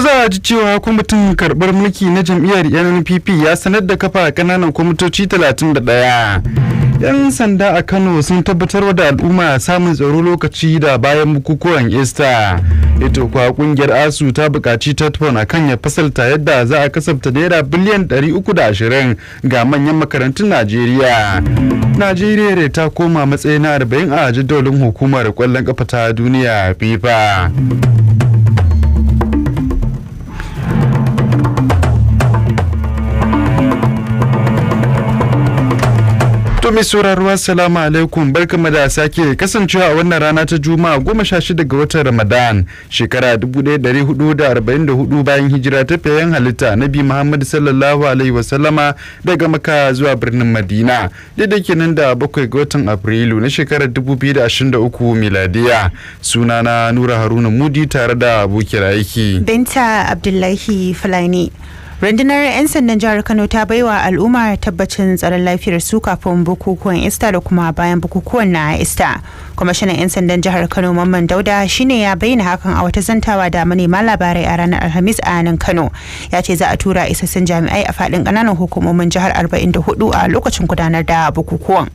za a ji cewa kwamitin karbar mulki na jam'iyyar nnpp ya sanar da kafa ƙananan kwamitoci 31 yan sanda a kano sun tabbatar da al'umma samun tsaro lokaci da bayan bukukuwan easter ita kuwa kungiyar asu ta buƙaci tatfon a kan ya fasalta yadda za a kasafta naira biliyan 320 ga manyan makarantun najeriya najeriya ta koma matsayi na 40 a jadawalin hukumar kwallon kafa ta duniya fifa To mai sauraro assalamu alaikum barkamu da sake kasancewa a wannan rana ta Juma'a goma sha shida ga watan Ramadan shekara 1444 bayan hijira ta fayan halitta Nabi Muhammad sallallahu alaihi wa sallama daga maka zuwa birnin Madina daidai kenan da bakwai ga watan Afrilu na shekarar 2023 miladiya sunana Nura Haruna Mudi tare da abokin aiki Binta Abdullahi Fulani. rundunar 'yan sandan jihar kano ta bai wa al'umma tabbacin tsaron lafiyar su kafin bukukuwan ista da kuma bayan bukukuwan na ista kwamishinan 'yan sandan jihar kano mamman dauda shine ya bayyana hakan a wata zantawa da manema labarai a ranar alhamis a nan kano ya ce za a tura isassun jami'ai a faɗin kananan hukumomin jihar 44 a lokacin gudanar da bukukuwan.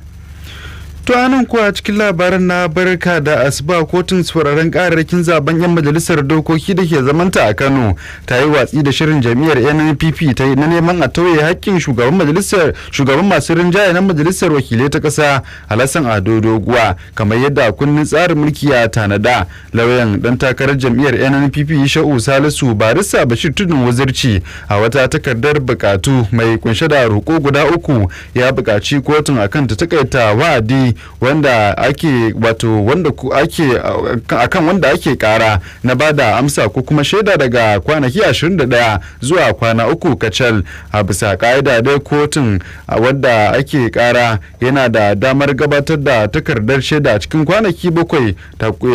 To anan kuwa cikin labarin na barka da asuba kotun sauraron kararrakin zaben yan majalisar dokoki da ke zamanta a Kano ta yi watsi da shirin jami'ar NNPP ta yi na neman a tauye hakkin shugaban majalisar shugaban masu rinjaye na majalisar wakilai ta ƙasa Alassan Ado Doguwa kamar yadda kunnin tsarin mulki ya tanada lauyan dan takarar jami'ar NNPP Sha'u Salisu barissa Bashir Tudun Wazirci a wata takardar bukatu mai kunshe da roƙo guda uku ya buƙaci kotun akan ta takaita wa'adi wanda ake wato wanda ake akan wanda ake kara na bada amsa ko kuma shaida daga kwanaki 21 zuwa kwana uku kacal a bisa ka'ida dai kotun wadda ake kara yana da damar gabatar da takardar shaida cikin kwanaki bakwai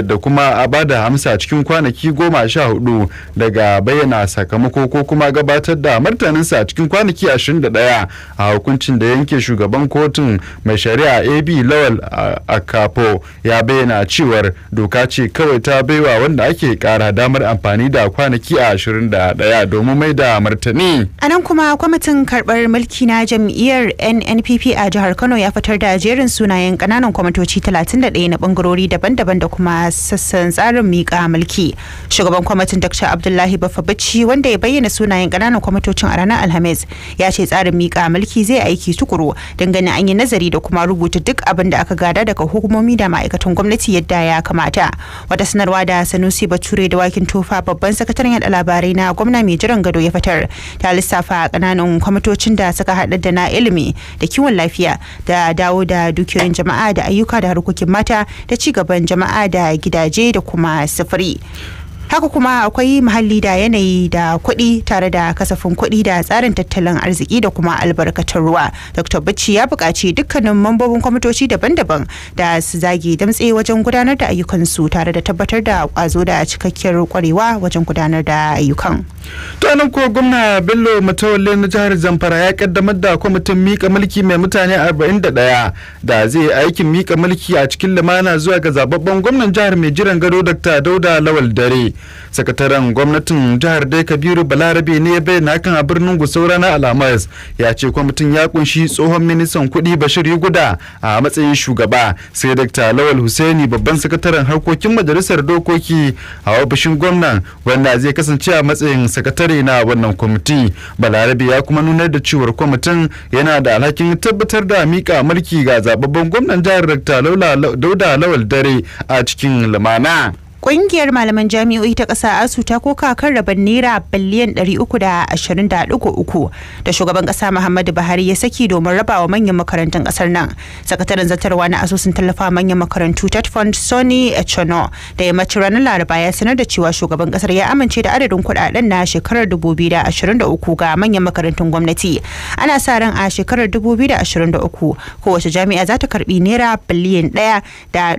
da kuma a bada amsa cikin kwanaki goma sha hudu daga bayyana sakamako ko kuma gabatar da martaninsa cikin kwanaki 21 a hukuncin da yanke shugaban kotun mai shari'a ab lawal Michael Akapo ya bayyana cewar doka ce kawai ta baiwa wanda ake kara damar amfani da kwanaki a 21 domin mai da martani. A nan kuma kwamitin karbar mulki na jam'iyyar NNPP a jihar Kano ya fitar da jerin sunayen kananan kwamitoci 31 na bangarori daban-daban da kuma sassan tsarin miƙa mulki. Shugaban kwamitin Dr. Abdullahi Bafabici wanda ya bayyana sunayen kananan kwamitocin a ranar Alhamis ya ce tsarin miƙa mulki zai aiki tukuru dangane an yi nazari da kuma rubuta duk abin da aka gada daga hukumomi da ma'aikatan gwamnati yadda ya kamata wata sanarwa da sanusi bature da wakin tofa babban sakataren yada labarai na gwamna mai jiran gado ya fitar ta lissafa kananan kwamitocin da suka hada da na ilimi da kiwon lafiya da dawo da dukiyoyin jama'a da ayyuka da harkokin mata da ci gaban jama'a da gidaje da kuma sufuri. haka kuma akwai muhalli da yanayi da kuɗi tare da kasafin kuɗi da tsarin tattalin arziki da kuma albarkatun ruwa dr bacci ya buƙaci dukkanin mambobin kwamitoci daban-daban da su zage damtse wajen gudanar da ayyukansu tare da tabbatar da ƙwazo da cikakkiyar kwarewa wajen gudanar da ayyukan tunanin nan ko gwamna bello matawalle na jihar zamfara ya kaddamar da kwamitin mika mulki mai mutane 41 da da zai yi aikin mika mulki a cikin lumana zuwa ga zababben gwamnan jihar mai jiran gado dr dauda lawal dare sakataren gwamnatin jihar dai kabiru balarabe ne ya bayyana kan a birnin gusau rana alhamis ya ce kwamitin ya kunshi tsohon ministan kuɗi bashir yuguda a matsayin shugaba sai dakta lawal husaini babban sakataren harkokin majalisar dokoki a ofishin gwamnan wanda zai kasance a matsayin sakatare na wannan kwamiti balarabe ya kuma nunar da cewar kwamitin yana da alhakin tabbatar da mika mulki ga zababben gwamnan jihar dakta dauda lawal dare a cikin lumana. Ƙungiyar malaman jami'o'i ta ƙasa ASU ta koka kan rabin naira biliyan uku da shugaban ƙasa Muhammadu Buhari ya saki domin raba wa manyan makarantun ƙasar nan. Sakataren zartarwa na asusun tallafa manyan makarantu Ted Fund Sony Echono da ya mace ranar Laraba ya sanar da cewa shugaban ƙasar ya amince da adadin kuɗaɗen na shekarar 2023 ga manyan makarantun gwamnati. Ana sa ran a shekarar 2023 kowace jami'a za ta karɓi naira biliyan da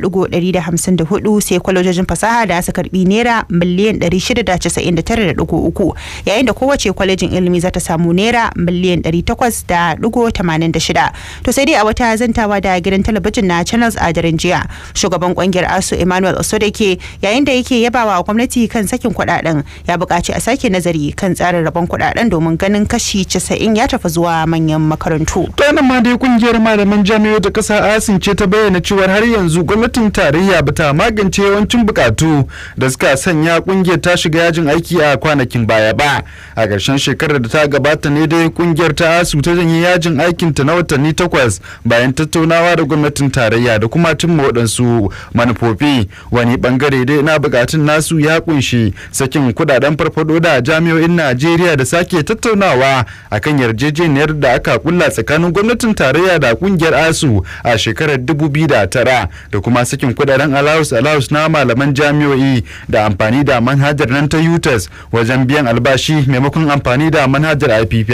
1.154 sai kwalojojin fasaha da su karbi naira miliyan 699.3 yayin da kowace kwalejin ilimi za ta samu naira miliyan 800.86 to sai dai a wata zantawa da gidan talabijin na channels a daren jiya shugaban kungiyar asu emmanuel osodeke yayin da yake yabawa gwamnati kan sakin kudaden ya buƙaci a sake nazari kan tsarin rabon kudaden domin ganin kashi 90 ya tafi zuwa manyan makarantu. to nan ma dai kungiyar malaman jami'o ta ƙasa asin ce ta bayyana cewa har yanzu gwamnatin tarayya bata magance yawancin bukatu biyu da suka sanya kungiyar ta shiga yajin aiki a kwanakin baya ba a ƙarshen shekarar da ta gabata ne dai kungiyar ta asu ta janye yajin aikin ta na watanni takwas bayan tattaunawa da gwamnatin tarayya da kuma tun waɗansu manufofi wani bangare dai na bukatun nasu ya kunshi sakin kudaden farfado da jami'o'in najeriya da sake tattaunawa akan yarjejeniyar da aka kulla tsakanin gwamnatin tarayya da kungiyar asu a shekarar 2009 da tara da kuma sakin kudaden allowance alaus na malaman jami'a jami'o'i da amfani da manhajar nan ta UTES wajen biyan albashi maimakon amfani da manhajar ippis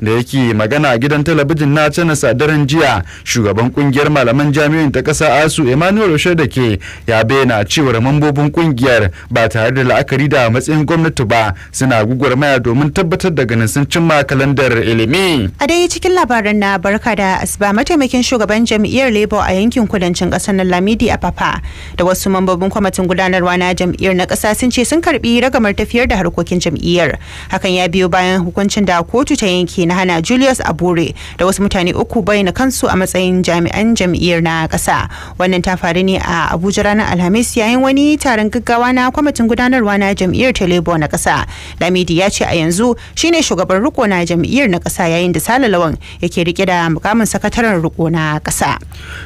da yake magana a gidan talabijin na cana sadarin jiya shugaban kungiyar malaman jami'in ta kasa asu emmanuel da ke ya bayyana cewar mambobin kungiyar ba tare da la'akari da matsayin gwamnati ba suna gugurmaya domin tabbatar da ganin sun cimma kalandar ilimi a dai cikin labaran na barka da asuba mataimakin shugaban jam'iyyar labour a yankin kudancin kasar na lamidi a papa da wasu mambobin kwamitin gudanarwa na jam'iyyar na ƙasa sun ce sun karbi ragamar tafiyar da harkokin jam'iyyar. Hakan ya biyo bayan hukuncin da kotu ta yanke na hana Julius Abure da wasu mutane uku bayyana kansu a matsayin jami'an jam'iyyar na ƙasa. Wannan ta faru ne a Abuja ranar Alhamis yayin wani taron gaggawa na kwamitin gudanarwa na jam'iyyar Telebo na ƙasa. Lamidi ya ce a yanzu shine shugaban riko na jam'iyyar na ƙasa yayin da Sale Lawan yake rike da mukamin sakataren riko na ƙasa.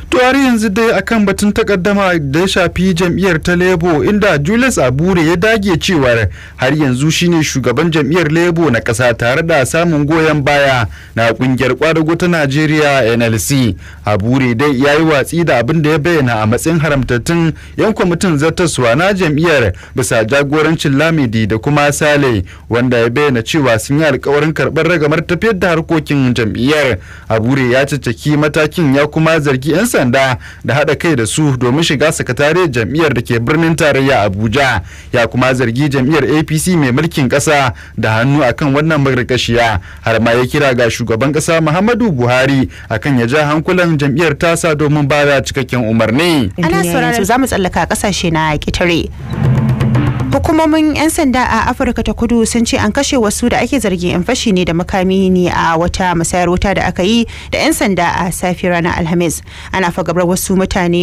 To har yanzu dai akan batun takaddama da ya shafi jam'iyyar Telebo labour inda julius abure ya dage cewar har yanzu shine shugaban jam'iyyar labour na ƙasa tare da samun goyon baya na ƙungiyar kwadago ta najeriya nlc abure dai ya yi watsi da abin da ya bayyana a matsayin haramtattun yan kwamitin zartaswa na jam'iyyar bisa jagorancin lamidi da kuma sale wanda ya bayyana cewa sun yi alkawarin karɓar ragamar tafiyar da harkokin jam'iyyar abure ya caccaki matakin ya kuma zargi 'yan sanda da haɗa kai da su domin shiga sakatariyar jam'iyyar da ke birnin birnin tarayya abuja ya kuma zargi jam'iyyar apc mai mulkin kasa da hannu akan wannan magarkashiya har ma ya kira ga shugaban kasa muhammadu buhari akan ya ja hankulan jam'iyyar tasa domin ba da cikakken umarni ana sauraron za mu tsallaka kasashe na ƙetare hukumomin 'yan sanda a afirka ta kudu sun ce an kashe wasu da ake zargin 'yan fashi ne da makami ne a wata masayar wuta da aka yi da 'yan sanda a safi ranar alhamis ana fagabar wasu mutane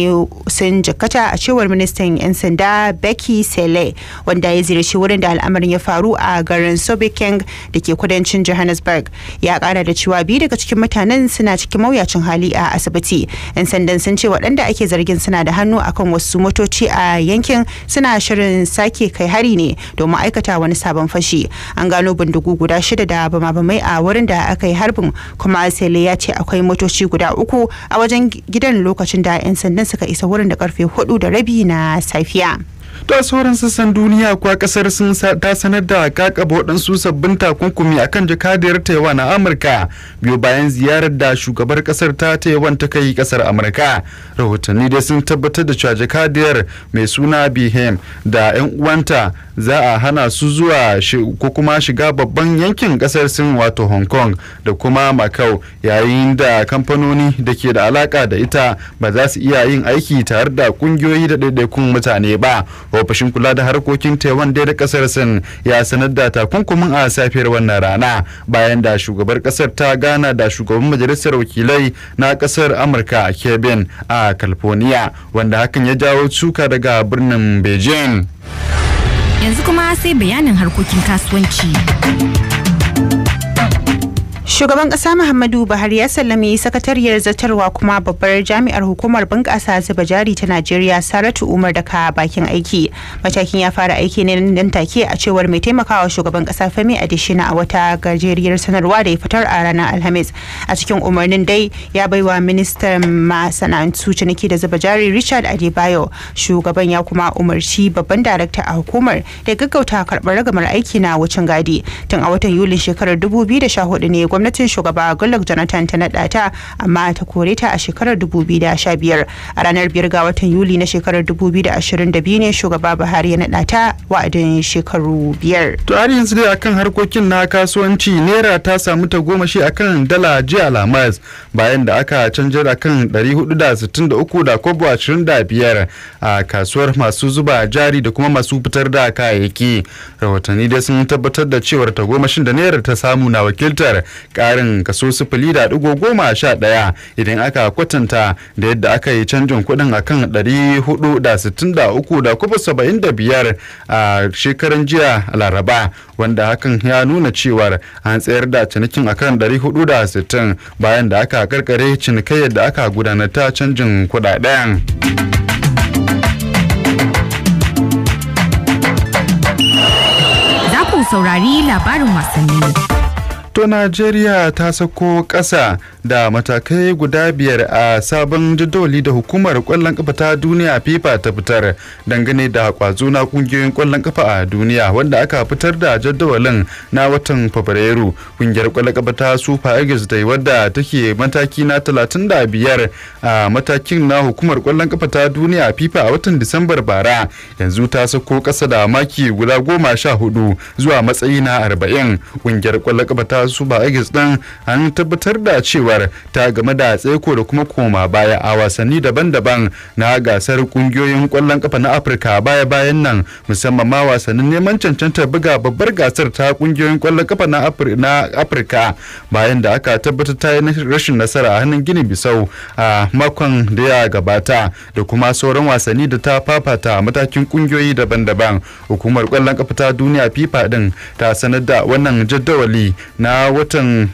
sun jikkata a cewar ministan 'yan sanda becky sele wanda ya ziyarci wurin da al'amarin ya faru a garin sobekeng da ke kudancin johannesburg ya kara da cewa biyu daga cikin mutanen suna cikin mawuyacin hali a asibiti 'yan sandan sun ce waɗanda ake zargin suna da hannu akan wasu motoci a yankin suna shirin sake kai kai hari ne domin aikata wani sabon fashi an gano bindigu guda shida da bama-bamai a wurin da aka yi harbin kuma sele ya ce akwai motoci guda uku a wajen gidan lokacin da 'yan sandan suka isa wurin da karfe hudu da rabi na safiya to sauran sassan duniya kuwa kasar sun ta sanar da kakaba waɗansu sabbin takunkumi a kan jakadiyar taiwan a amurka biyu bayan ziyarar da shugabar kasar ta taiwan ta kai kasar amurka rahotanni dai sun tabbatar da cewa jakadiyar mai suna bihem da 'yan uwanta za a hana su zuwa ko kuma shiga babban yankin kasar sin wato hong kong da kuma macau yayin da kamfanoni da ke da alaka da ita ba za su iya yin aiki tare da kungiyoyi da ɗaiɗaikun mutane ba ofishin kula da harkokin taiwan dai da kasar sin ya sanar da takunkumin a safiyar wannan rana bayan da shugabar kasar ta gana da shugaban majalisar wakilai na kasar amurka kevin a california wanda hakan ya jawo cuka daga birnin beijing Yanzu kuma sai bayanin harkokin kasuwanci. Shugaban ƙasa Muhammadu Buhari ya sallame sakatariyar zartarwa kuma babbar jami'ar hukumar bunƙasa zuba jari ta Najeriya Saratu Umar da ka bakin aiki. Matakin ya fara aiki ne nan take a cewar mai taimakawa shugaban ƙasa Femi adishina a wata gajeriyar sanarwa da ya fitar a ranar Alhamis. A cikin umarnin dai ya baiwa ministan masana'antu ciniki da zuba jari Richard Adebayo. Shugaban ya kuma umarci babban darakta a hukumar da gaggauta karɓar ragamar aiki na wucin gadi. Tun a watan Yulin shekarar 2014 ne gwamnatin shugaba Goodluck Jonathan ta naɗa ta amma ta kore ta a shekarar 2015 a ranar biyar ga watan Yuli na shekarar 2022 ne shugaba Buhari ya naɗa ta wa'adin shekaru biyar. To har yanzu dai akan harkokin na kasuwanci naira ta samu ta shi akan dala jiya Lamas bayan da aka canja akan 463 da kobo 25 a kasuwar masu zuba jari da kuma masu fitar da kayayyaki. Rahotanni dai sun tabbatar da cewar tagomashin da naira ta samu na wakiltar ƙarin kaso sifili da ɗigo goma sha ɗaya idan aka kwatanta da yadda aka yi canjin kuɗin a kan ɗari hudu da sittin da uku da kuma saba'in da biyar a shekaran jiya laraba wanda hakan ya nuna cewar an tsayar da cinikin a kan ɗari hudu da sittin bayan da aka karkare cinikai da aka gudanar ta canjin kuɗaɗen. saurari labarin wasanni. to najeriya ta sako ƙasa da matakai guda biyar a sabon jadawali da hukumar kwallon kafa ta duniya fifa ta fitar dangane da kwazo na kungiyoyin kwallon kafa a duniya wanda aka fitar da jadawalin na watan fabrairu kungiyar kwallon kafa ta super eagles da wadda take mataki na 35 a matakin na hukumar kwallon kafa ta duniya fifa a watan disambar bara yanzu ta sako kasa da maki guda goma sha hudu zuwa matsayi na arba'in kungiyar kwallon kafa ta su ba agis din an tabbatar da cewar ta game da tseko da kuma koma baya a wasanni daban-daban na gasar kungiyoyin kwallon kafa na afirka baya-bayan nan musamman ma wasannin neman cancantar buga babbar gasar ta kungiyoyin kwallon kafa na afirka bayan da aka tabbatar ta yi rashin nasara a hannun gini bisau a makon da ya gabata da kuma sauran wasanni da ta fafata a matakin kungiyoyi daban-daban hukumar ƙwallon kafa ta duniya fifa din ta sanar da wannan jadawali na watan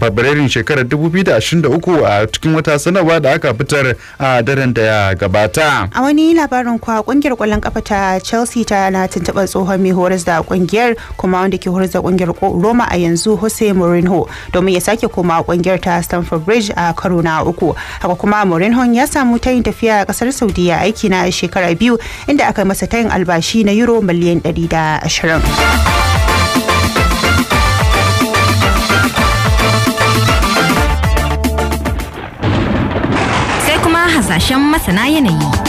fabrairun shekarar 2023 a cikin wata sanarwa da aka fitar a daren da ya gabata. A wani labarin kwa kungiyar kwallon kafa ta Chelsea ta na tuntuɓa tsohon mai horas da kungiyar kuma wanda ke horas da kungiyar Roma a yanzu Jose Mourinho domin ya sake koma kungiyar ta Stamford Bridge a karo na uku. Haka kuma Mourinho ya samu tayin tafiya a kasar Saudiya aiki na shekara biyu inda aka masa tayin albashi na euro miliyan 120. hasashen masana yanayi.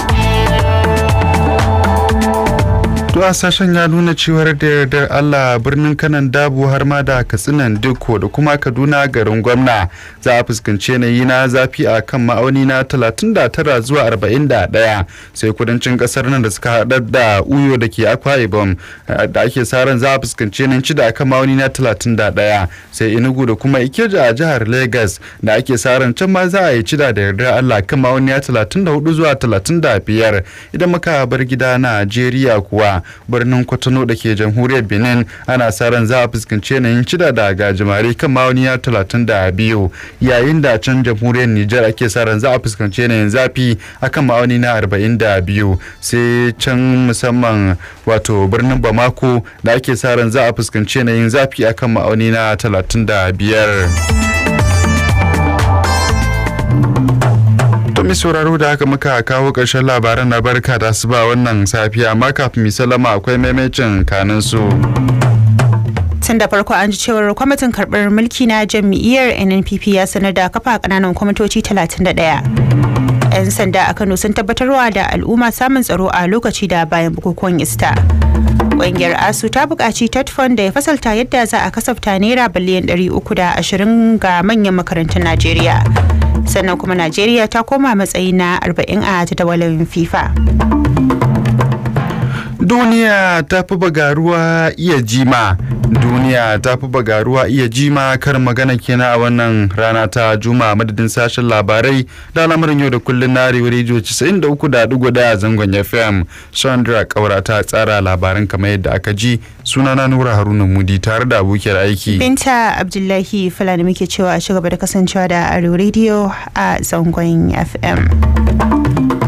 to a sashen ya nuna cewar da yardar allah birnin kanan dabu har ma da katsinan dukko da kuma kaduna garin gwamna za a fuskanci yanayi na zafi a kan ma'auni na 39 zuwa 41 sai kudancin kasar nan da suka haɗar da uyo da ke akwa ibom eh, da ake sa ran za a fuskanci yanayin cida a kan ma'auni na 31 sai inugu da kuma ikeja a jihar lagos da ake sa ran can ma za a yi cida da yardar allah kan ma'auni na 34 zuwa 35 idan muka bar gida najeriya kuwa birnin kwatano da ke jamhuriyar benin ana sa ran za a fuskanci yanayin cida da gajimare kan ma'aunina talatin da biyu yayin da can jamhuriyar nijar ake sa ran za a fuskanci yanayin zafi akan ma'auni na arba'in da biyu sai can musamman wato birnin bamako da ake sa ran za a fuskanci yanayin zafi akan ma'auni na talatin da biyar. mi sauraro da haka muka kawo karshen labaran na barka da su ba wannan safiya amma kafin mu salama akwai maimacin kanin su. tun da farko an ji cewar kwamitin karɓar mulki na jam'iyyar nnpp ya sanar da kafa ƙananan kwamitoci 31 'yan sanda a kano sun tabbatarwa da al'umma samun tsaro a lokaci da bayan bukukuwan ista ƙungiyar asu ta buƙaci Tetfon da ya fasalta yadda za a kasafta naira biliyan 320 ga manyan makarantun najeriya sannan kuma najeriya ta koma matsayi na 40 a jadawalin fifa Duniya ta fi bagaruwa iya jima. Duniya ta fi bagaruwa iya jima kar magana kenan a wannan rana ta Juma'a madadin sashen labarai da lamarin yau da kullun na Arewa Radio a zangon FM. Sandra Kaura ta tsara labarin kamar yadda aka ji sunana Nura Haruna Mudi tare da abokiyar aiki. Binta Abdullahi Fulani muke cewa a ci gaba da kasancewa da Arewa Radio a zangon FM.